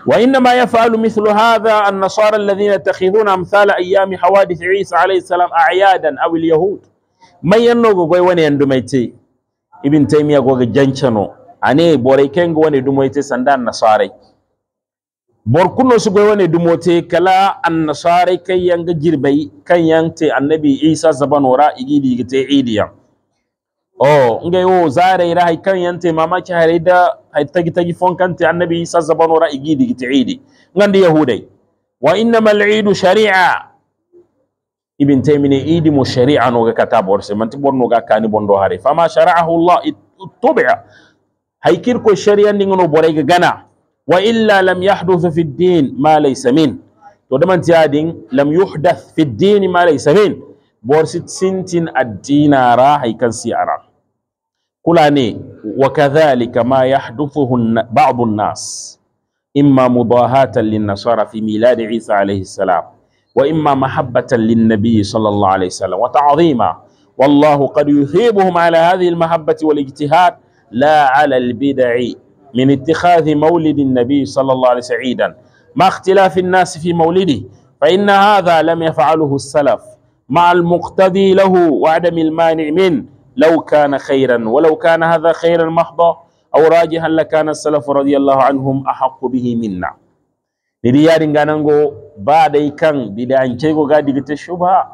S1: وإنما يفعل مثل هذا النصارى الذين يتخذون أمثال أيام حوادث عيسى عليه السلام أعيادا أو اليهود ما ينوغ غوي وني اندوميتي ابن تيمية غوغ جنشنو أني بوريكين وني دوميتي سندان نصاري borkuno su gwai wani dumote kala annasarai kai yanga jirbai kan yante annabi isa zabanora igidi gite idiyan oh ngai wo zare ira hay kan yante mama ci harida da hay tagi tagi fon kanti annabi sazzabano ra igidi giti idi ngandi yahudai wa innamal idu shari'a ibn taymine idi mo shari'a no ga kata bor se manti bor no ga kani bondo hari fa ma shara'ahu allah ittubi'a tubi'a kir ko shari'a ni ngono boray ga gana wa illa lam yahduth fi din ma laysa min to da manti adin lam yuhdath fi din ma laysa min borsit sintin ad-dinara haykan si'ara kulani wakadhalika ma yahdufuhu ba'dhu الناس imma mudahatan للنصارى fi ميلاد isa alayhi salam wa imma mahabbatan صلى sallallahu alayhi وسلم wa ta'dhima والله قد يثيبهم على هذه المحبة والاجتهاد لا على البدع من اتخاذ مولد النبي صلى الله عليه وسلم عيدا مع اختلاف الناس في مولده فإن هذا لم يفعله السلف مع المقتدي له وعدم المانع منه لو كان خيرا ولو كان هذا خيرا محضا أو راجحا لكان السلف رضي الله عنهم أحق به منا nidi yari ganango ba dai kan bidance go ga digita shubha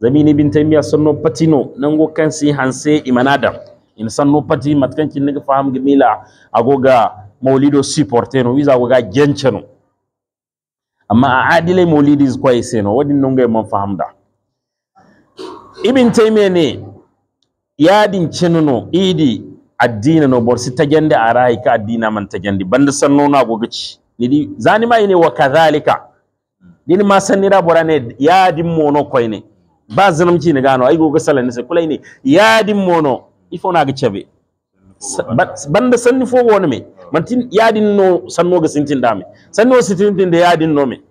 S1: zamini bin taymiya sanno patino nango kan si hanse imanada in sanno pati matkan kin niga faham gimila agoga maulido supporteno wiza go ga genceno amma a adile maulidi is kwai seno wadin nonga man fahamda ibn taymiya ne yadin cinno idi addina no borsi a arahi ka addina man ta gende banda sanno na ni di zani ma ine wa kadhalika din ma sanira borane yadin mono koyne ba zanamci ne gano ai goga salani sai kulai ne yadin mono ifo na ga cebe banda sanni fo wona me tin yadin no sanno ga sintin dame sanno sintin da yadin no me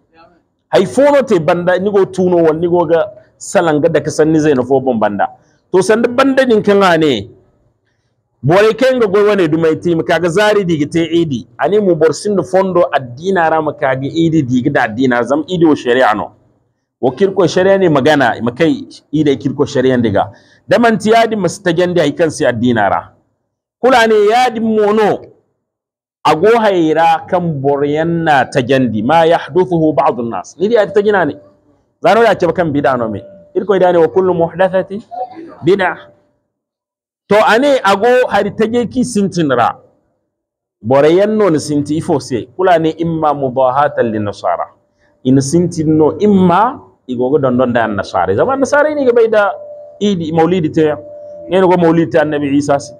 S1: hay no te banda ni go tuno won ni go ga salanga da ka sanni zai na fo bon banda to sanda banda din kan ne bore ga gowa ne dumai tim kaga zari digi te idi ani mu borsin do fondo addina mu kaga idi digi da addina zam idi wo shari'a no wo kirko shari'a ne magana makai idi kirko shari'a diga da man tiyadi mastagen da ikan si addina ra kula ne yadi mono a go haira kan boryan na tajandi ma yahduthu ba'd an-nas ni da ta gina ne zaro da ce kan bid'a no me irko idane wa kullu muhdathati bida to ane ago hari tageki sintinra bore yanno ni sinti ifo se kula ne imma mudahatan lin nasara in no imma igogo don da nasara zaman nasara ni ga baida idi maulidi te ngene go maulidi te annabi isa si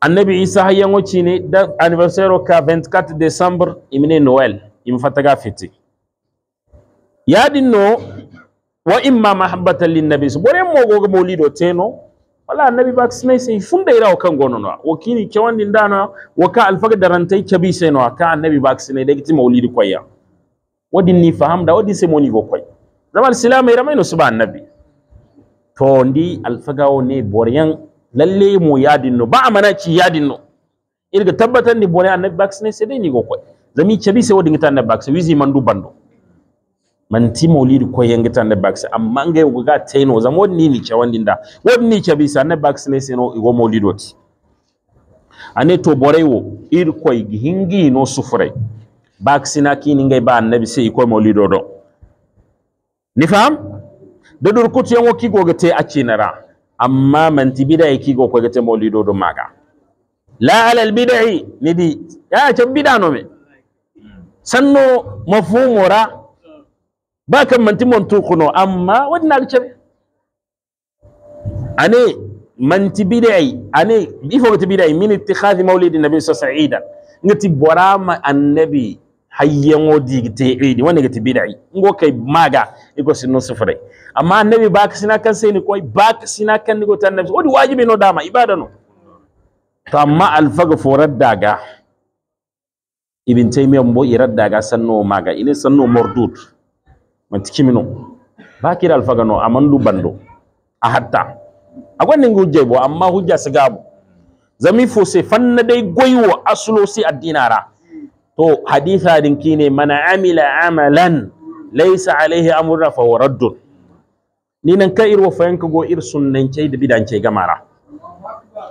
S1: annabi isa hayango chini da anniversaire ka 24 december imine noel im fiti yadi no wa imma mahabbatan linnabi so go mo lido teno wala ba annabi baksinayi sey funde irawo kan gononoa wa kini kewandi ndana wa ka alfaga darantay cabi senoa ka annabi baksinayi dagiti mawlidi koyya wadi ni da wadi se go koy zamal silama iramayno suba nabi to ndi alfagawo ne boryan lalle yadin no ba amana ci yadin no irga tabbatar ni bore annabi baksinayi se dai go koy zami cabi se wadi ngita annabi baksa wizi mandu bando manti maulidi ko yenga tan ne bax amma nge go ga teno zam wonni ni ce wonni da wonni ce bisa ne bax ne seno igo mawlido ti ane to borewo ir koy hingi no sufre bax na kini ngai ba annabi sai ko maulidodo. do ni fam da dur kutu yango kigo ga te ace amma manti bidai e kigo ko gete maulidodo mawlido maga la alal bidai nidi ya can bida no me sanno mafhumora ba kan manti montu kuno amma wani na a ne manti bidai ne ifo gati bidai min ittikhadhi mawlidin nabi sa'ida bora ma annabi hayyango digite idi wani ga ti bidai ngo kai maga iko sinu sufrai amma annabi ba ka sina kan sai ni koi ba ka sina kan ni gotan nabi wadi wajibi no dama ibada no to amma alfaga forar daga ibn taymiyyah mbo irar daga sanno maga ile sanno mordud matikimino bakir alfagano amandu bando a hatta akwai ningu jebo amma hujja su gabu zami fose fanna dai goyiwa asulo si addinara to haditha din kine mana amila amalan laysa alaihi amrun fa raddun ni nan ka irwo fayanka go ir ce da ce gamara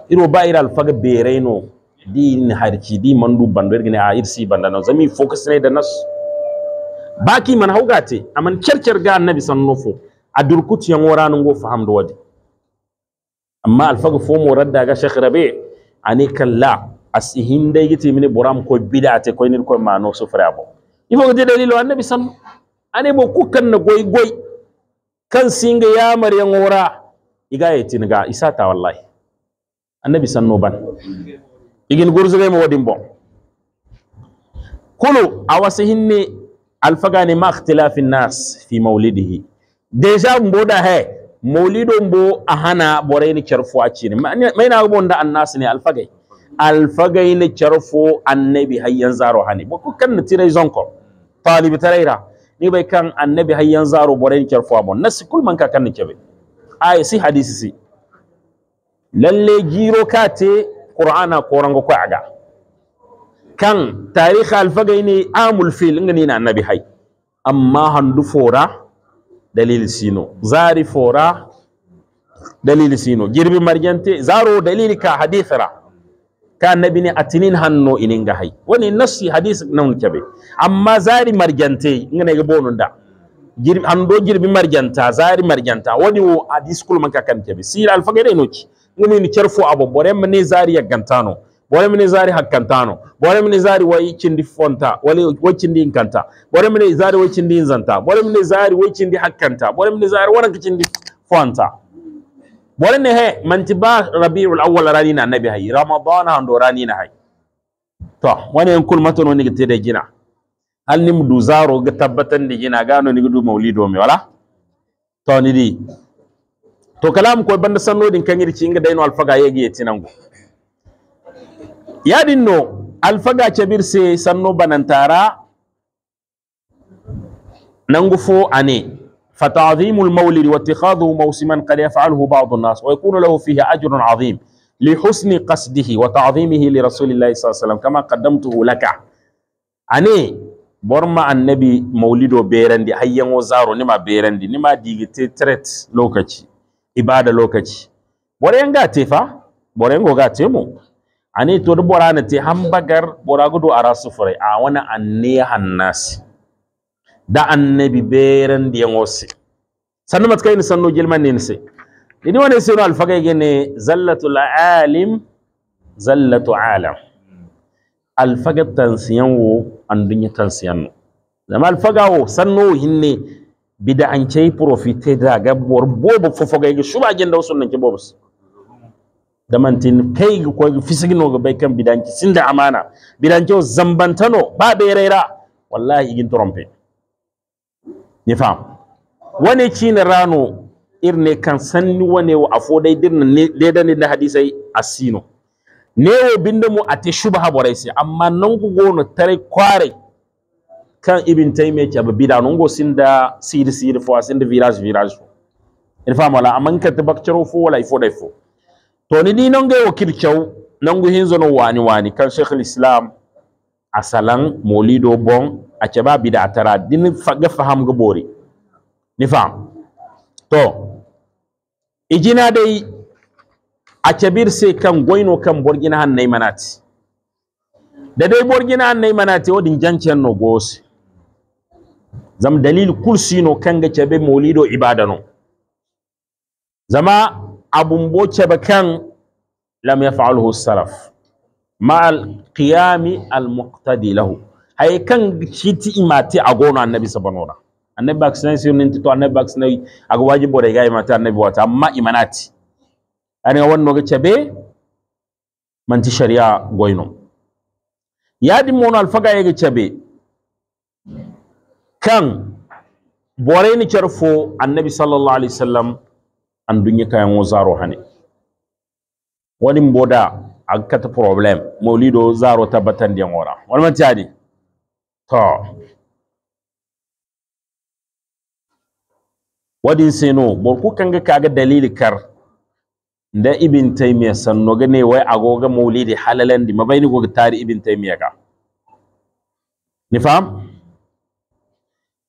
S1: irwo ba ir alfaga bereno din harci di mandu bando gine a irsi bandano zami focus ne da nas baki man a man aman ga annabi sanno fo a durkutiyan faham da wadi amma alfaga radda ga shekh rabi ani kalla dai gite mini boram ko bidate ko ni ko sufre abo il faut que de dalilo annabi sanno ani bo na goy goy kan singa ya maryan wara iga isa ta wallahi annabi sanno ban igin gursugaymo wadin bo kulu awasi hinne alfagani ma ikhtilafin nas fi maulidihi deja mbo da he maulido mbo ahana boreni charfo achini maina an annas ne alfagai alfagai ne charfo annabi hayyan zaro hani bo kan tirai zonko talib taraira ni bai kan annabi hayyan zaro boreni charfo abon nasi kul man ka kan kebe ay si hadisi si lalle giro kate qur'ana korango ko aga kan tarihi alfagai ne amul fil ngani na annabi hay amma handu fora dalil sino zari fora dalil sino girbi marjante zaro dalil ka hadithara ka annabi ne atinin hanno ininga hay wani nasi hadith nan kabe amma zari marjante ngane ga bonun da jirbi hando girbi marjanta zari marjanta wani wo hadith kul man ka kan kabe sir alfagai ne noci ngani ni cerfo abobore ne zari ya gantano bore mini zari hakkantano bore mini zari wai cindi fonta wali wai cindi inkanta bore mini zari wai cindi inzanta bore mini zari wai cindi hakkanta bore mini zari waran ka cindi fonta bore ne he manti ba rabiul awwal rani na annabi hay ramadan hando rani na hay to wani en kul maton woni gite da gina hal nim du zaro ga tabbatan da gina gano ni du maulido me wala to ni di to kalam ko banda sanno din kan irci inga daino alfaga yegi yetinango no alfaga cebirse sanno banantara nangu fo ane فتعظيم المولد واتخاذه موسما قد يفعله بعض الناس ويكون له فيه أجر عظيم لحسن قصده وتعظيمه لرسول الله صلى الله عليه وسلم كما قدمته لك أني برما النبي مولده بيرندي هيا وزارو نما بيرندي نما ديجيتي تريت lokaci? إبادة لوكاتي بورين غاتي فا بورين غاتي مو ani to bora na te hambagar bora gudu ara sufure a wani anne hannasi da annabi beren da yangosi sannu kai ni sannu gilman ne nse ini wani sirru alfagai gene zallatul alim zallatu alam alfaga tansiyan wo an dunya tansiyan no zama alfaga wo sannu hinne bida an cai profite da gabuwar bobo fofogai ga shubagen da wasu nan ke bobos da mantin kai ko fisigin ga bai kan bidanki da amana bidanki o zambantano ba be raira wallahi igin trompe ni fam ci cin rano irne kan sanni wane wa afo dai dirna da ne da hadisai asino ne wo binda mu ate shubha borai sai amma nan ku gono tare kware kan ibn taymiya ke ba nan go da sir sir fo da virage virage ni fam wala amman ka tabakciro fo wala ifo dai fo toni ni nonge wo nan nangu hinzono wani wani kan sheikh islam asalan molido bon a ba bida tara din ga faham ga bore ni fam to ijina dai a bir sai kan goino kan borgina nay manati da dai borgina nay manati wadin jancen no gosi zam dalil kursi no kan ga cabe molido ibadano zama abumbo cebakan lam yaf'alhu salaf ma al almuqtadi lahu hay kan citi imati agono annabi sabanora annabi baksina sirnin to annabi baksina aga wajibo da gai mata annabi wata amma imanati an ga wannan ga cebe manti shari'a goyno yadi mono alfaga yega cebe kan bore ni cerfo annabi sallallahu alaihi wasallam andunye kayan zaro hane wani mboda akata problem maulido zaro tabatan da ngora wani matiyadi to wadin seno borku kanga kaga dalili kar da ibn taymiya sanno ga ne wai agoga maulidi halalan di mabaini go tari ibn taymiya ka ni fam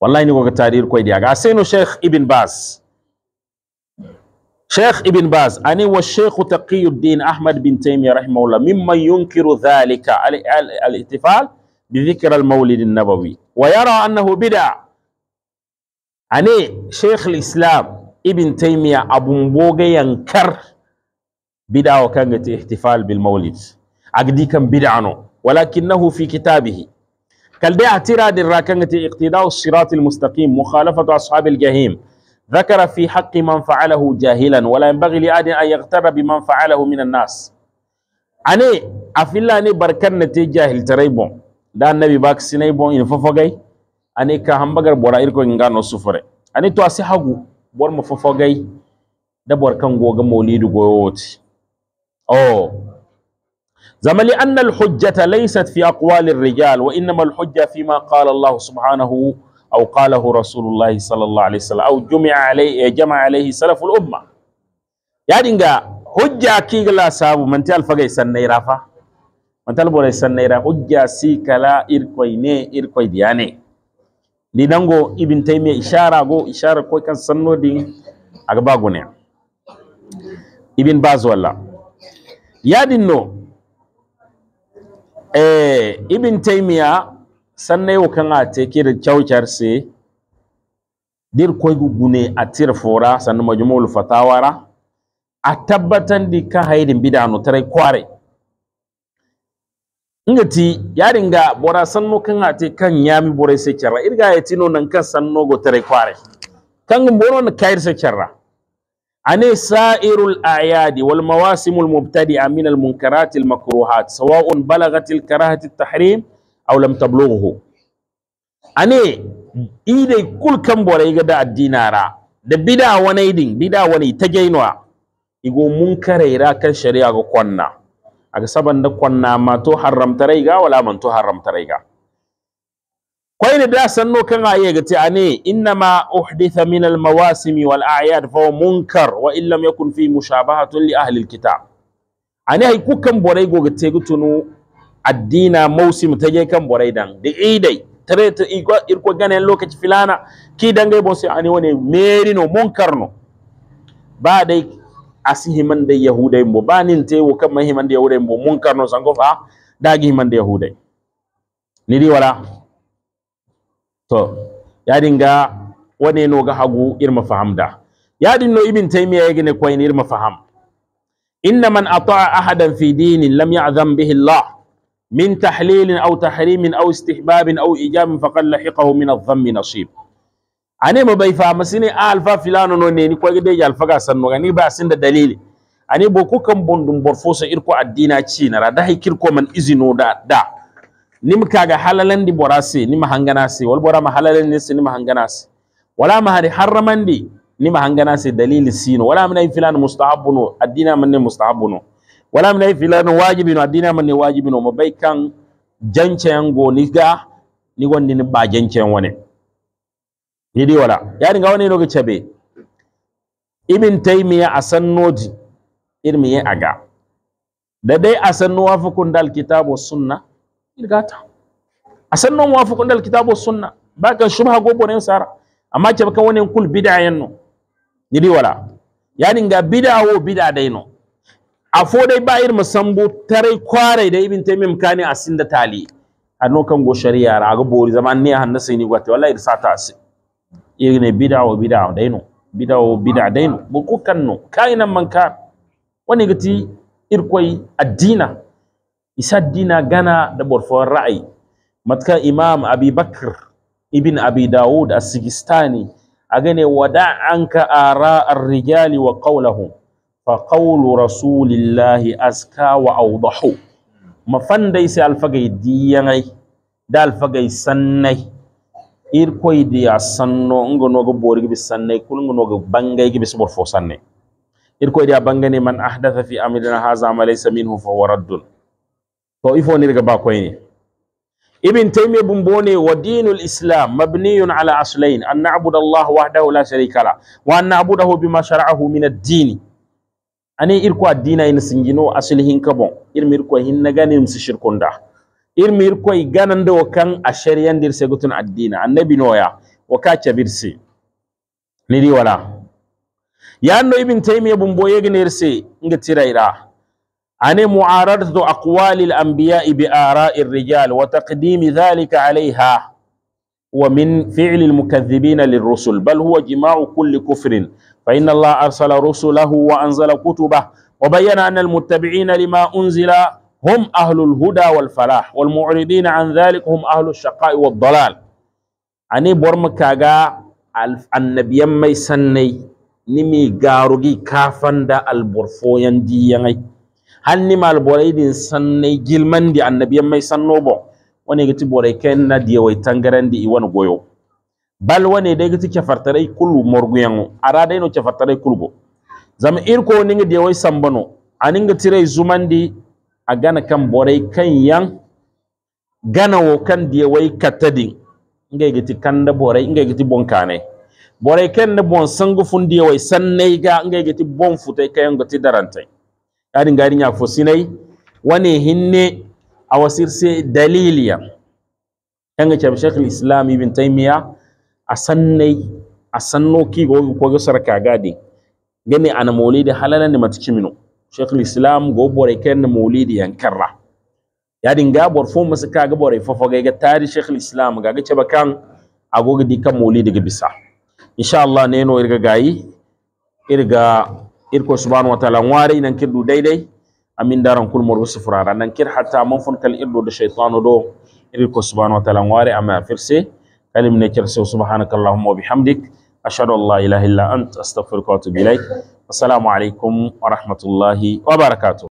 S1: wallahi ni go tari ko di aga seno sheikh ibn bas شيخ ابن باز أني والشيخ تقي الدين أحمد بن تيمية رحمه الله ممن ينكر ذلك الاحتفال بذكر المولد النبوي ويرى أنه بدع أني شيخ الإسلام ابن تيمية أبو مبوغي ينكر بدع وكانت احتفال بالمولد أقدي كان بدعنه ولكنه في كتابه كالدي اعتراض الراكنة اقتداء الصراط المستقيم مخالفة أصحاب الجحيم ذكر في حق من فعله جاهلا ولا ينبغي لأحد أن يغتر بمن فعله من الناس أني أفلا أني بركان نتي جاهل تريبون دا النبي باك سينيبون إن ففغي أني كهمبغر بورا إركو إنغانو سفر أني تو حقو بور مففغي دا بركان غوغ موليد غوت أوه زملي أن الحجة ليست في أقوال الرجال وإنما الحجة فيما قال الله سبحانه أو قاله رسول الله صلى الله عليه وسلم أو جمع عليه جمع عليه سلف الأمة يا دينغا hujja kigala sabu manti alfagay sannaira hujja si kala irkoy ne irkoy diyane dinango ibn taymiya ishara go kan sanno din aga bagune ibn baz walla yadinno eh ibn taymiya sanne wo kan a te kir chawchar se dir koy gune a tir fora sanne jumul fatawara a tabbatan di ka haidin bida no tare kware ngati yaringa bora sanno kan a te kan yami bore se kyarra irga yati no nan kan sanno go tare kware kan boro na kair se kyarra ane sa'irul ayadi wal mawasimul mubtadi'a min al munkarati al makruhat sawa'un balagatil karahati at tahrim aw lam tablughu ane ide kul kan bore ga da addinara da bida wani bida wani ta gainuwa. igo mun kare ra kan shari'a ga kwanna aga saban da kwanna ma to haramta rai ga wala man to haramta rai ga kwai ne da sanno kan aye ga ti ane innama uhditha min al mawasimi wal a'yad fa munkar wa illam yakun fi mushabahatu li ahli al kitab ane hay kukan bore go ga te gutunu addina ta je kan borai dan da idai tare ta irko ganin lokaci filana ki dangai bon sai ani wani merino munkarno ba dai asihiman da yahudai bo ba nin te wo kan mahiman da yahudai bo munkarno sango fa dagi himan da yahudai ni di wala to ya dinga wane no ga hagu irma fahamda ya dinno ibn taymiya ya gine koyin irma faham inna man ata'a ahadan fi dinin lam ya'zam bihi Allah min tahlilin aw tahrimin aw istihbabin aw ijamin faqad lahiqahu min adh-dhammi nasib ane mo bai fa masini alfa filano no ne ni ko gede ya alfa ga sanno ga ni ba sin da dalili ane bo ku kan bondum bor fosa irko addina ci na da hay kirko man izino da da nim kaga halalan di borase nim hangana se wal bora ma halalan ne se nim hangana se wala ma hari harramandi nim hangana se dalili sino wala ma ay filan mustahabuno addina man ne mustahabuno wala mi na fila no wajibi no adina man ne wajibi no mabai kan jancen go ni ga ni wonni ni ba jancen wane ni dai wala ya ga wani no ga cebe ibn taymiya asan noji irmi ya aga da dai asan no wafukun dal kitabu sunna irgata asan no wafukun dal kitabu sunna ba kan shubha gobo ne sara amma ce baka wani kul bid'a yanno ni dai wala ya ga bid'a wo bid'a dai no Afo dai ba irin musambo tarai kwarai da ibn taimim kani asinda tali A nokan go shari'a ra ga bori zaman ne hannu sai ni gwata wallahi da sata asi ne bid'a wa bid'a daino bid'a wa bid'a daino bu ku kanno kainan man ka wani gati irkoi addina isa dina gana da borfawar ra'ayi matka imam abi bakr ibn abi daud as-sigistani a gane wada'anka ara ar-rijali wa qawlahum fa qawlu rasulillahi aska wa awdahu mafandai sai alfagai diyanai da alfagai sannai irkoy diya sanno ngo bori gibi sannai kul ngo nogo bangay gibi sibor fo sannai irkoy diya bangani man ahdatha fi amrina hadha ma laysa minhu fa huwa raddun to ifo nirga ba koyni ابن تيمية بنبوني ودين الإسلام مبني على أصلين أن نعبد الله وحده لا شريك له وأن نعبده بما شرعه من Dini. ani irko addina ina singino asili hinka bon irmi irko hinna gani msi shirkunda irmi irko da wakan ashariyan dir segutun addina annabi noya waka cabirsi niri wala yanno ibn taymiya bumbo yegnirse nga tiraira ani muaradatu aqwali al anbiya bi ara'i ar-rijal wa taqdimi dhalika 'alayha ومن فعل المكذبين للرسل بل هو جماع كل كفر فإن الله أرسل رسله وأنزل كتبه وبين أن المتبعين لما أنزل هم أهل الهدى والفلاح والمعرضين عن ذلك هم أهل الشقاء والضلال أني برمكاغا النبي مي سني نمي غاروغي كافن دا البرفوين دي ينغي هل نما البوريدين سني جلمن دي النبي مي سنوبو ونيجي تبوري كنا دي ويتنغرن دي إيوان غيو bal wane dai gati kefartarai kulu morguyanu ara dai no kefartarai kulbo zama irko ninga de wai sambano aninga tirai zumandi a gana kan borai kan yan gana wo kan de wai katadin inga gati kanda borai inga gati bonkane borai kan na bon sangu fundi wai sannai ga inga gati bon futai kayan gati darantai ngari nya ya sinai wane hinne awasirse daliliya kanga ga shekul islam ibn taymiya A a asannai asannoki go koge gade gane ana molidi halalani maticimino islam lislam go bore kenne molidi yankara, yadin ga bor fo ka kaga bore fofoge ga tari sheikh islam ga ga ceba kan agoga di kan ga bisa insha Allah ne no irga gayi irga irko subhanahu wa ta'ala ware nan kirdu daidai amin daran kul mor usfurara nan kir hatta man fon kal da shaytanu do irko subhanahu wa ta'ala ware amma firse علم نكر سو سبحانك اللهم وبحمدك أشهد أن لا إله إلا أنت أستغفرك وأتوب إليك السلام عليكم ورحمة الله وبركاته